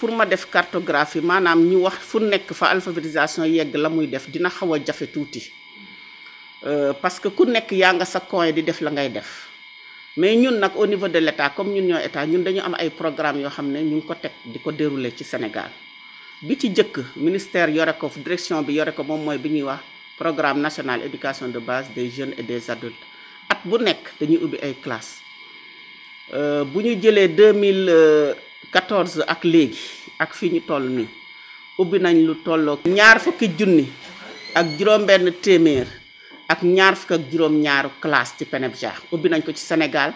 pour ma def cartographie manam ñu wax fu nek fa alphabétisation yegg la muy def dina xawa jafé touti euh parce que ku nek ya nga sa coin di def la ngay def mais ñun nak au niveau de l'État. comme ñun ñoo état ñun dañu am ay programme yo xamné ñu ko teg diko ko dérouler ci Sénégal bi ci jëk ministère yoré ko direction bi yoré ko mom moy bi ñuy wax programme national éducation de base des jeunes et des adultes at bu nek dañuy ubbi ay classe euh, bu ñu jëlé 2000 14 ak léegi ak fii ñu toll nii ubbi nañ lu tollook ñaar fukki junni ak juróom-benn téeméer ak ñaar fukk ak juróom-ñaaru classe ci PENAPJA ubbi nañ ko ci Sénégal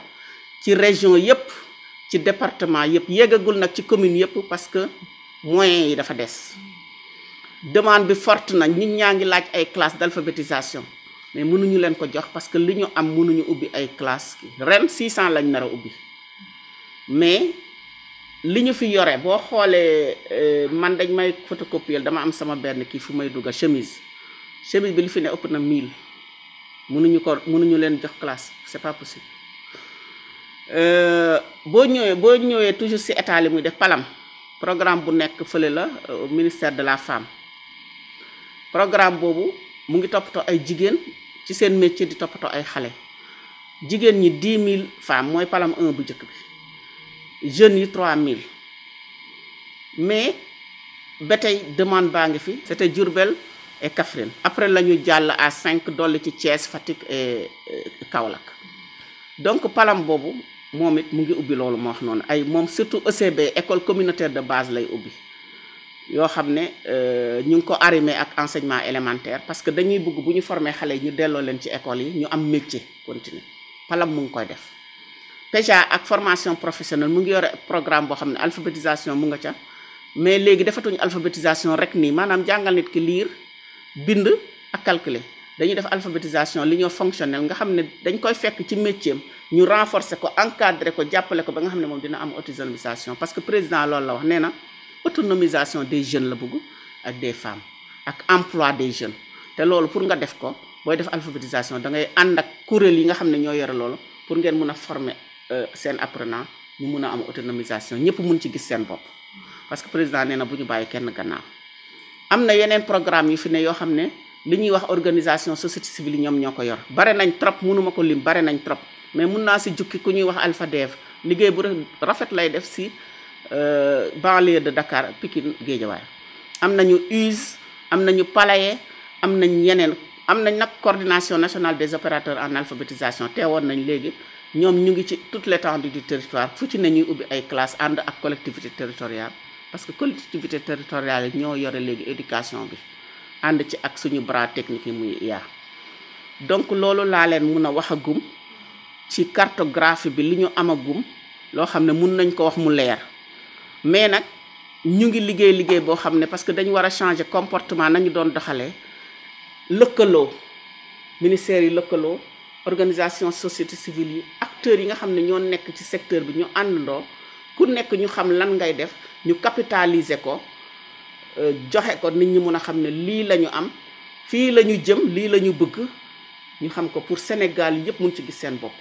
ci région yépp ci département yépp yéegagul nag ci commune yépp parce que moyens yi dafa des demande bi forte na nit ñaa ngi laaj ay classe d'alphabétisation mais mënuñu leen ko jox parce que li ñu am mënuñu ubbi ay classe ren 600 lañ nar a ubbi liñu fi yoré bo xolé eh, man dañ may photocopier dama am sama benn ki fu may dugga chemise chemise bi li fi ne ëpp na 1000 mënuñu ko mënuñu leen jox classe c'est pas possible euh bo ñëwee bo ñëwee toujours ci état li muy def palam programme bu nekk feulé la au euh, ministère de la femme programme bobu mu ngi topato ay jigen ci seen métier di topato ay xalé jigen ñi 10000 femmes moy palam 1 bu jëk bi jeunes yi 3000 mais ba demande bangi fi c'était Djourbel et Kaffrine après la jall à 5 dolli ci Thiès Fatick et Kaolack donc palam bobu momit it mu ngi ubi loolu wax noonu ay mom surtout ECB école communautaire de base lay ubi yo xamné ne euh, ñu ngi ko arrimé ak enseignement élémentaire parce que dañuy bëgg buñu former formé ñu delloo leen ci école yi ñu am métier continue palam mu ngi koy def déjà ak formation professionnel mu ngi yore programme boo xam ne alphabétisation mu nga ca mais léegi defatuñu alphabétisation rek nii maanaam jàngal nit ki liir bind ak calculer dañuy def alphabétisation li ñoo fonctionnel nga xam ne dañ koy fekk ci métier ñu renforcer ko encadrer ko jàppale ko ba nga xam ne moom dina am autonomisation parce que président lool la wax nee na autonomisation des jeunes la bëgg ak des femmes ak emploi des jeunes te loolu pour nga def ko booy def alphabétisation da ànd ak kuréel yi nga xam ne ñoo yore loolu pour ngeen mun a former Euh, seen apprenant ñu mun a am autonomisation ñëpp mun ci gis seen bopp parce que président nee na bu ñu bàyyi kenn gannaaw am na yeneen programme yu fi ne yoo xam ne li ñuy wax organisation société yi ñoom ñoo ko yor bare nañ trop mënuma ko lim bare nañ trop mais mun naa si jukki ku ñuy wax Alpha Dev liggéey bu rafet lay def si euh, banlieue de Dakar Pikine Guédiawaye am nañu use am nañu palaye am nañ yeneen am nañ nag coordination nationale des opérateurs en alphabétisation nañ léegi ñoom ñu ngi ci toute l'étendue du territoire fu ci ne ñuy ubbi ay classe ànd ak collectivité territoriale parce que collectivité territoriale yi ñoo yore léegi éducation bi ànd ci ak suñu bras technique yi muy IA donc loolu laa leen mun a wax a gum ci cartographie bi li ñu am a gum loo xam ne mun nañ ko wax mu leer mais nag ñu ngi liggéey liggéey boo xam ne parce que dañu war a changer comportement nañu doon doxale lëkkaloo ministère yi lëkkaloo organisation société civile yi acteur yi nga xam ne ñoo nekk ci secteur bi ñu àndandoo ku nekk ñu xam lan ngay def ñu capitaliser ko euh, joxe ko nit ñi mun a xam ne lii la ñu am fii la ñu jëm lii la ñu bëgg ñu xam ko pour Sénégal yëpp mun ci gis seen bopp.